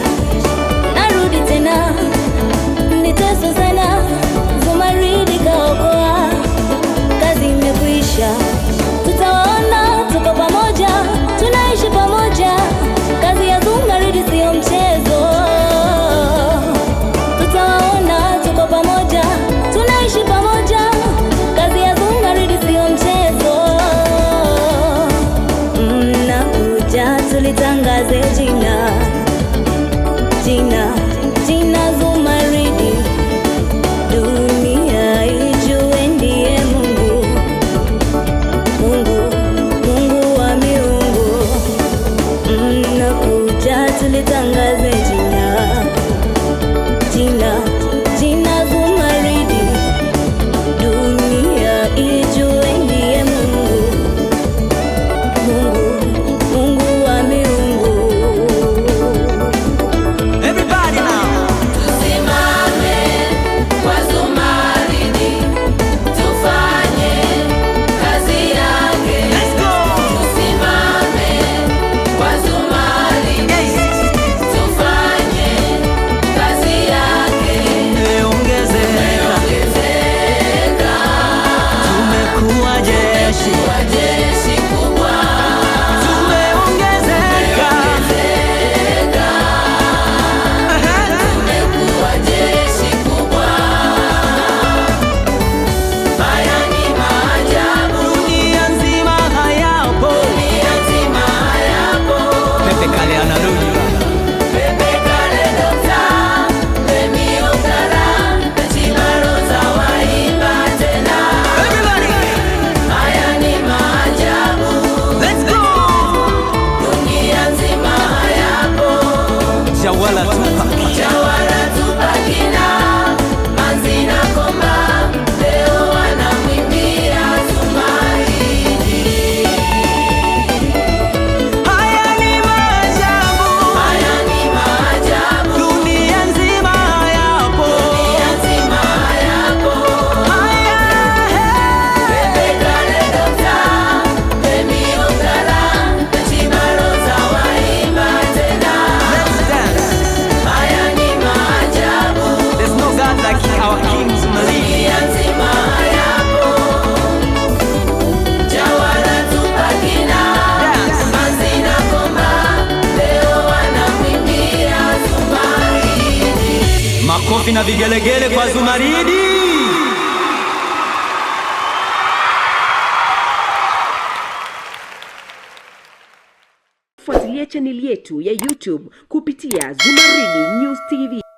Madureira makofi na vigelegele kwa Zumaridi. Fuatilia chaneli yetu ya YouTube kupitia Zumaridi News TV.